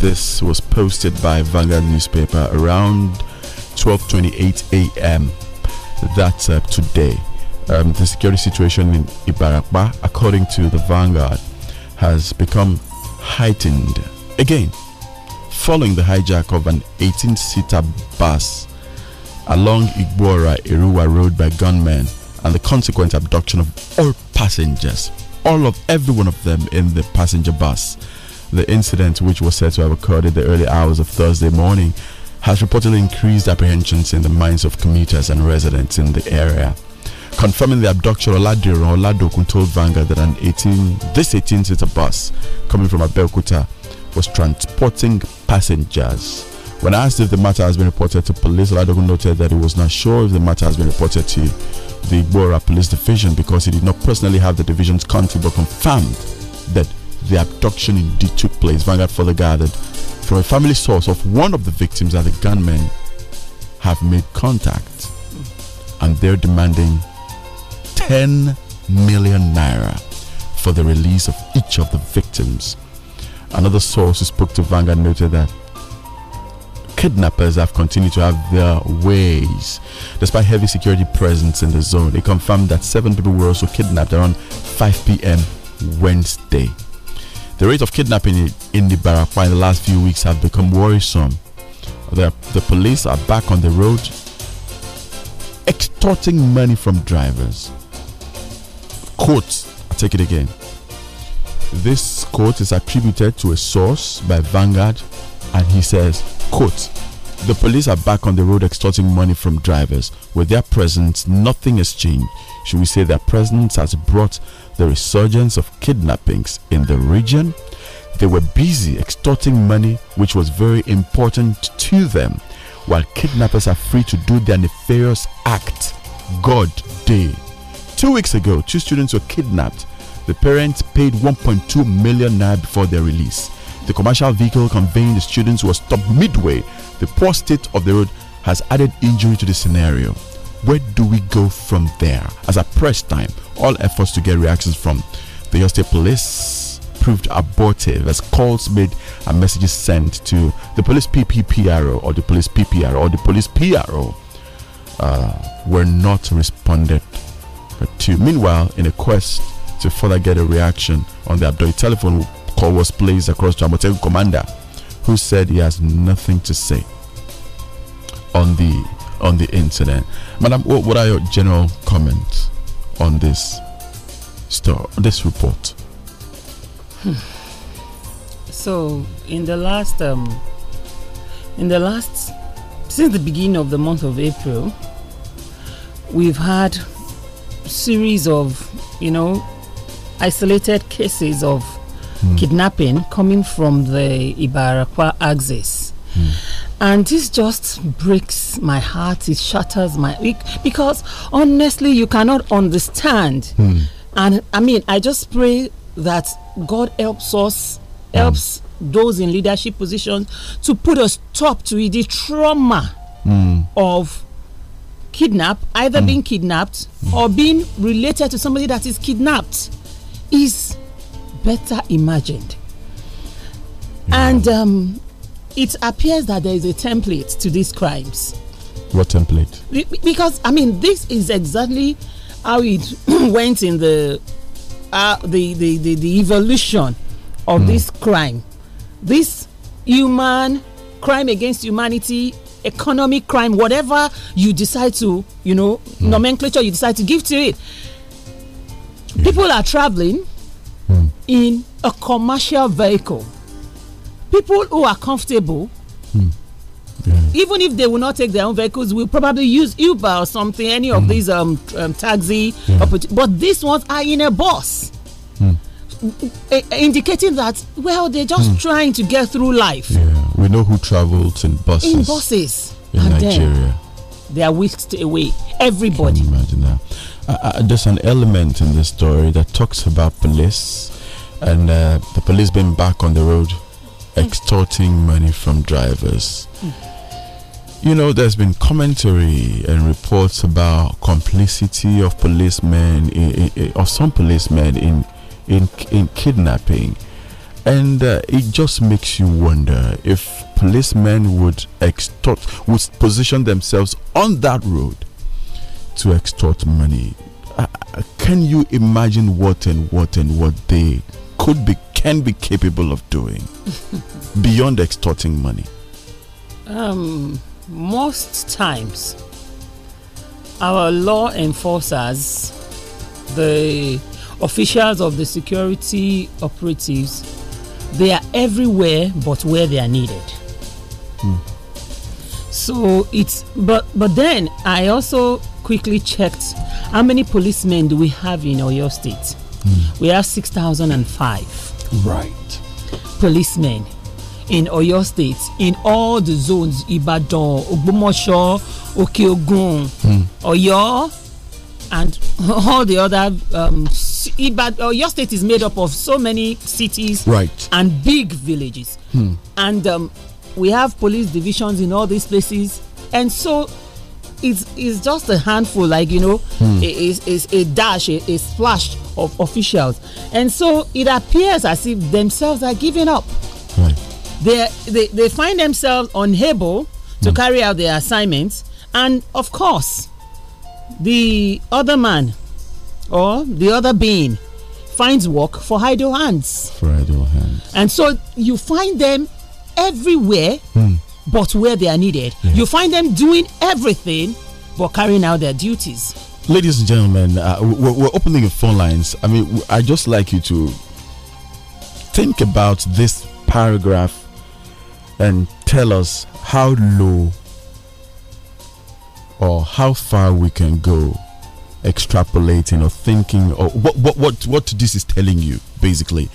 this was posted by Vanguard newspaper around 12:28 a.m. That's uh, today. Um, the security situation in Ibarapa, according to the Vanguard, has become heightened again following the hijack of an 18-seater bus along Igbora Iruwa Road by gunmen and the consequent abduction of all passengers, all of every one of them in the passenger bus. The incident, which was said to have occurred in the early hours of Thursday morning, has reportedly increased apprehensions in the minds of commuters and residents in the area. Confirming the abduction, Oladiran Oladokun told Vanguard that an 18, this 18-seater bus coming from Abeokuta was transporting passengers. When asked if the matter has been reported to police, Oladokun noted that he was not sure if the matter has been reported to the Igbora Police Division because he did not personally have the division's contact, but confirmed that the abduction indeed took place, Vanguard further gathered from a family source of one of the victims that the gunmen have made contact and they're demanding 10 million naira for the release of each of the victims. Another source who spoke to Vanguard noted that kidnappers have continued to have their ways despite heavy security presence in the zone. They confirmed that seven people were also kidnapped around 5 p.m. Wednesday. The rate of kidnapping in, in the Barakwa in the last few weeks have become worrisome. The, the police are back on the road extorting money from drivers. Quote, I take it again. This quote is attributed to a source by Vanguard and he says, quote, the police are back on the road extorting money from drivers. With their presence, nothing has changed. Should we say their presence has brought the resurgence of kidnappings in the region. They were busy extorting money, which was very important to them, while kidnappers are free to do their nefarious act. God Day. Two weeks ago, two students were kidnapped. The parents paid 1.2 million naira before their release. The commercial vehicle conveying the students was stopped midway. The poor state of the road has added injury to the scenario. Where do we go from there? As a press time, all efforts to get reactions from the State Police proved abortive as calls made and messages sent to the police PPPRO or the police PPRO or the police PRO uh, were not responded to. Meanwhile, in a quest to further get a reaction on the Abdul telephone call was placed across to Amoteku commander, who said he has nothing to say on the on the incident. Madam, what are your general comments? on this store, this report? Hmm. So, in the last, um, in the last, since the beginning of the month of April, we've had series of, you know, isolated cases of hmm. kidnapping coming from the Ibarakwa axis and this just breaks my heart it shatters my week because honestly you cannot understand hmm. and i mean i just pray that god helps us hmm. helps those in leadership positions to put a stop to the trauma hmm. of kidnap either being kidnapped or being related to somebody that is kidnapped is better imagined and um, it appears that there is a template to these crimes. What template? Because I mean, this is exactly how it went in the, uh, the, the the the evolution of mm. this crime, this human crime against humanity, economic crime, whatever you decide to, you know, mm. nomenclature you decide to give to it. People are traveling mm. in a commercial vehicle people who are comfortable hmm. yeah. even if they will not take their own vehicles will probably use uber or something any of hmm. these um, um taxi yeah. but these ones are in a bus hmm. Indicating that well, they're just hmm. trying to get through life. Yeah, we know who travels in buses. In buses in and Nigeria, they are whisked away. Everybody. imagine that. Uh, uh, there's an element in this story that talks about police and uh, the police being back on the road extorting money from drivers. You know, there's been commentary and reports about complicity of policemen, in, in, of some policemen in in in kidnapping, and uh, it just makes you wonder if policemen would extort, would position themselves on that road to extort money. Uh, uh can you imagine what and what and what they could be can be capable of doing beyond extorting money? Um, most times, our law enforcers, the officials of the security operatives, they are everywhere but where they are needed. Mm. So it's but but then I also quickly checked how many policemen do we have in Oyo State? Mm. We have six thousand and five. Right. Policemen in Oyo State, in all the zones Ibadan, Ogbomoso, Okeogun, mm. Oyo, and all the other um, Ibadan. Oyo State is made up of so many cities, right, and big villages, hmm. and um, we have police divisions in all these places, and so it's it's just a handful, like you know, mm. it's, it's a dash, a, a splash of officials, and so it appears as if themselves are giving up. Right. They they they find themselves unable to mm. carry out their assignments, and of course, the other man or the other being finds work for idle hands. For idle hands. And so you find them everywhere. Mm but where they are needed. Yeah. You find them doing everything but carrying out their duties. Ladies and gentlemen, uh, we're, we're, opening the phone lines. I mean, I just like you to think about this paragraph and tell us how low or how far we can go extrapolating or thinking or what what what, what this is telling you basically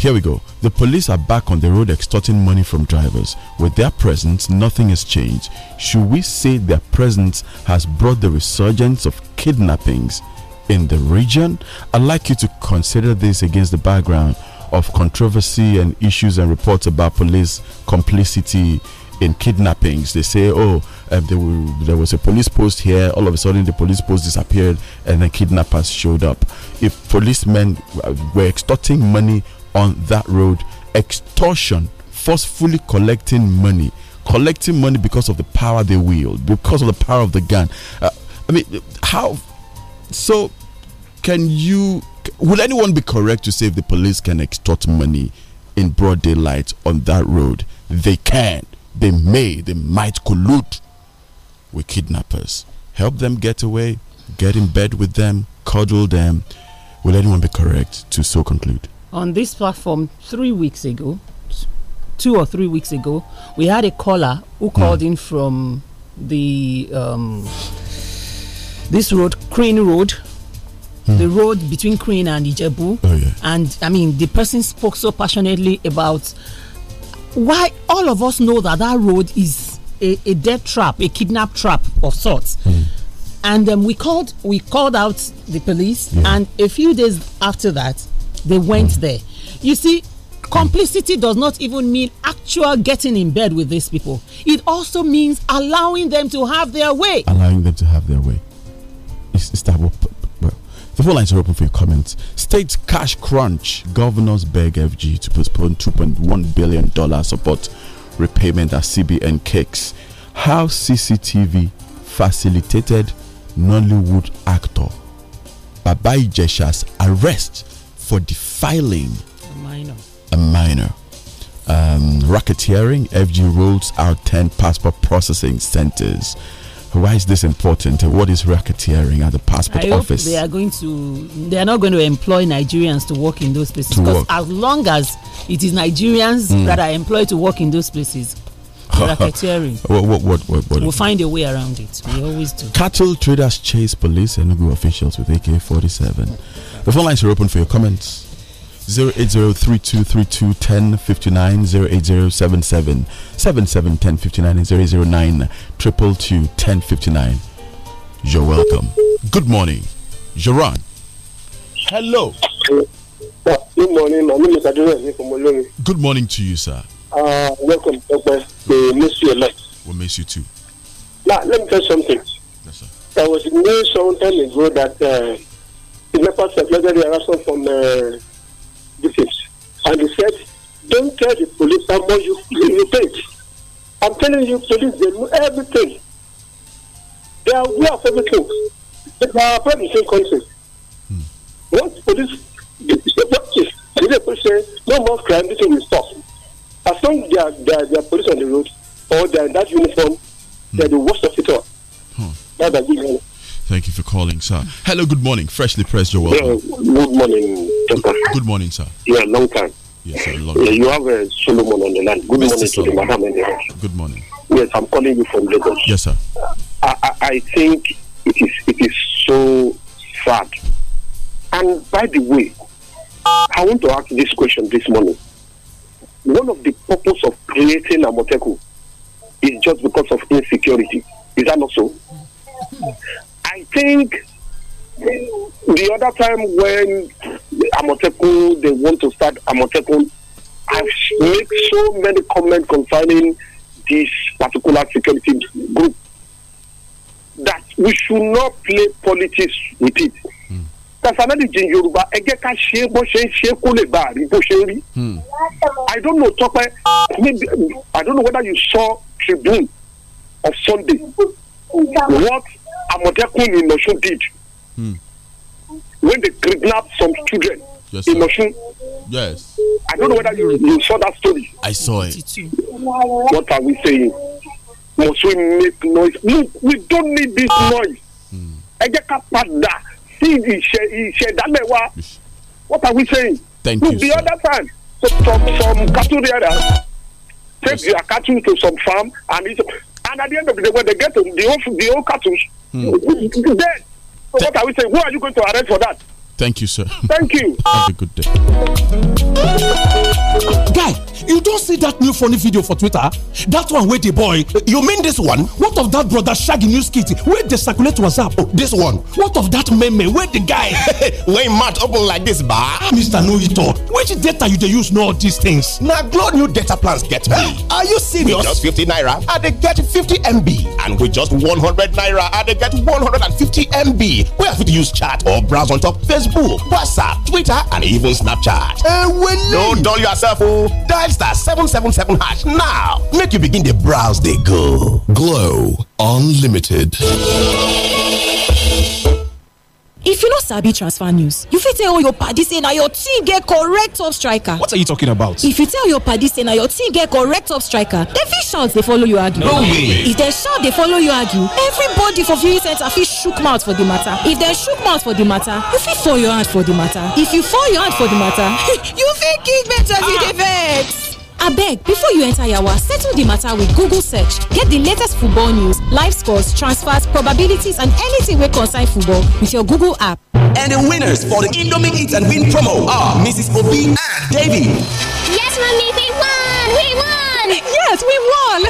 here we go. The police are back on the road extorting money from drivers. With their presence, nothing has changed. Should we say their presence has brought the resurgence of kidnappings in the region? I'd like you to consider this against the background of controversy and issues and reports about police complicity in kidnappings. They say, oh, um, there, were, there, was a police post here. All of a sudden, the police post disappeared, and then kidnappers showed up. If policemen uh, were extorting money on that road. Extortion, forcefully collecting money, collecting money because of the power they wield, because of the power of the gun. Uh, I mean, how? So, can you? Will anyone be correct to say if the police can extort money in broad daylight on that road? They can, they may, they might collude with kidnappers. Help them get away, get in bed with them, cuddle them. Will anyone be correct to so conclude? on this platform three weeks ago, two or three weeks ago, we had a caller who hmm. called mm. in from the um, this road, Crane Road, mm. the road between Crane and Ijebu. Oh, yeah. And I mean, the person spoke so passionately about why all of us know that that road is a, a death trap, a kidnap trap of sorts. Mm. And um, we called we called out the police, yeah. Hmm. and a few days after that, they went there. You see, complicity does not even mean actual getting in bed with these people. It also means allowing them to have their way. Allowing them to have their way. It's, it's that well, the phone lines are open for your comments. State cash crunch. Governors beg FG to postpone $2.1 billion support repayment at CBN Cakes. How CCTV facilitated Nollywood actor Baba Ijesha's arrest for defiling a minor. A minor. Um, racketeering, FG rules out 10 passport processing centers. Why is this important? What is racketeering at the passport I office? they are going to. They are not going to employ Nigerians to work in those places. Because as long as it is Nigerians mm. that are employed to work in those places, racketeering. What, what, what, what, what we'll find a way around it. We always do. Cattle traders chase police and Enugu officials with AK 47. The phone lines are open for your comments. 08032321059 08077771059 1059 You're welcome. Good morning. Joran. Hello. Good morning. My name is Good morning to you, sir uh, welcome, Dr. We miss you a lot. We miss you too. Now, let me tell you something. Yes, sir. There was news some time ago that uh, the members of from the uh, And he said, don't tell the police how much you, you paid. I'm telling you, police, they know everything. They are aware of everything. They are from the same country. Hmm. police, the, the, the, the police say, no more crime, this will stop think their, their, police on the road or in that uniform, hmm. they're the worst of it all. Hmm. Thank you for calling, sir. Hello, good morning. Freshly pressed, you're welcome. Yeah, good morning. Good, good, morning, sir. Yeah, long time. Yes, sir, long time. You have a Solomon on the line. Good Mr. morning Solomon. to the Good morning. Yes, I'm calling you from Lagos. Yes, sir. I, I, I think it is it is so sad. And by the way, I want to ask this question this morning one of the purpose of creating Amoteku is just because of insecurity. Is that not so? I think the other time when Amoteku, they want to start Amoteku, I've made so many comments concerning this particular security group that we should not play politics with it tasamẹ́lì yorùbá ká ṣe bó ṣe ṣe kó lè bá a rí bó ṣe rí. Hmm. i don't know tọpẹ i don't know whether you saw tribune of sunday what amotekun in did hmm. when they kidnapped some children yes, yes. i don't know whether you, you saw that story. i saw it. what are we saying must we make noise no we don't need this noise. Hmm. ẹ ká padà see Ishedagbe wa what are we saying? Thank Look, you. The other time, so from from cattle rearer take your cattle to some farm and and at the end of the day when they get the old the old cattle hmm. dead. So what are we saying? Who are you going to arrest for that? Thank you, sir. Thank you. Have a good day. Guy, you don't see that new funny video for twitter that one with the boy you mean this one what of that brother shaggy news kit Where dey circulate whatsapp oh this one what of that meme Where the guy wey im open like this ba. mr no eat which data you dey use know all these things. Now, glo new data plans get me. are you serious. with just fifty naira i they get fifty mb and with just one hundred naira i they get one hundred and fifty mb wey i fit use chat or browse on top facebook whatsapp twitter and even snapchat. ewele. no dull yourself o. Oh. dial star 777 hash now make you begin the browse they go. Glow Unlimited. If you no sabi transfer news, you fit tell your party say na your team get correct top striker. What are you talking about? If you tell your party say na your team get correct top striker, then fish shout they follow you argue. No way! If they shout they follow you argue, everybody for viewing centre fish shook mouth for the matter. If they shook mouth for the matter, you fit fall your hand for the matter. If you fall your hand for the matter, you fit kick better if the ah. dey abeg before you enter yawa settle the matter with google search get the latest football news live scores transfers probabilities and anything wey concern football with your google app. and the winners for the indomie eat and win promo are mrs obi and davy. yes mommy, we won we won. yes we won.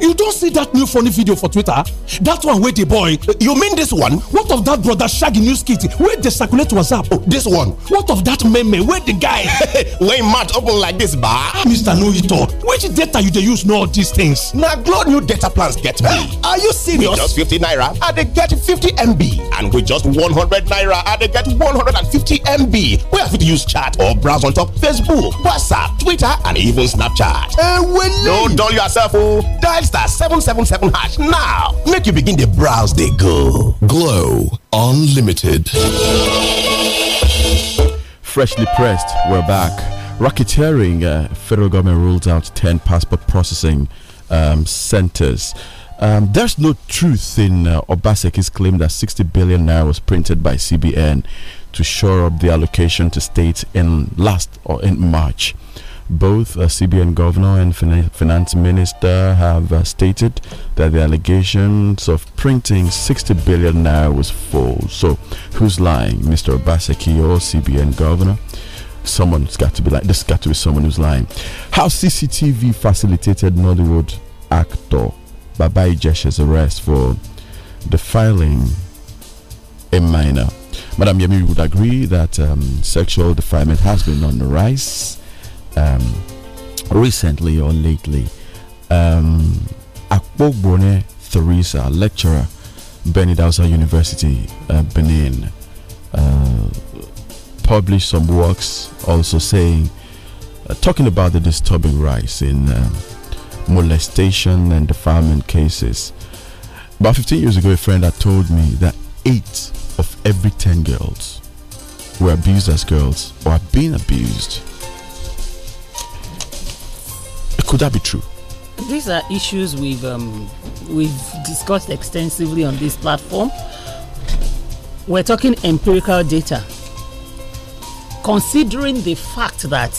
You don't see that new funny video for Twitter? That one with the boy. You mean this one? What of that brother Shaggy News Kitty? Where they circulate WhatsApp? Oh, this one. What of that meme? Where the guy? when match open like this, ba? Mr. No It Which data you they use know all these things? Now, Glow new data plans get me. Are you serious? With just 50 naira, I they get 50 MB. And with just 100 naira, I they get 150 MB. Where have to use chat or browse on top Facebook, WhatsApp, Twitter, and even Snapchat. Uh, well, Don't dull yourself, oh. Dial star 777 hash now make you begin the browse they go. Glow Unlimited. Freshly pressed, we're back. Racketeering, uh, federal government rules out 10 passport processing um, centers. Um, there's no truth in uh, Obaseki's claim that 60 billion naira was printed by CBN to shore up the allocation to states in last or in March. Both uh, CBN Governor and fin Finance Minister have uh, stated that the allegations of printing 60 billion naira was false. So, who's lying, Mr. Obaseki or CBN Governor? Someone's got to be like this. Got to be someone who's lying. How CCTV facilitated Nollywood actor Baba Ijesha's arrest for defiling a minor. Madam Yemi would agree that um, sexual defilement has been on the rise um, recently or lately. Um, Akpogbone Theresa, lecturer, Benin Dausa University, uh, Benin, uh, published some works also saying, uh, talking about the disturbing rise in um, molestation and defilement cases. About 15 years ago, a friend had told me that eight of every 10 girls were abused as girls or are being abused could that be true? These are issues we've um, we've discussed extensively on this platform. We're talking empirical data, considering the fact that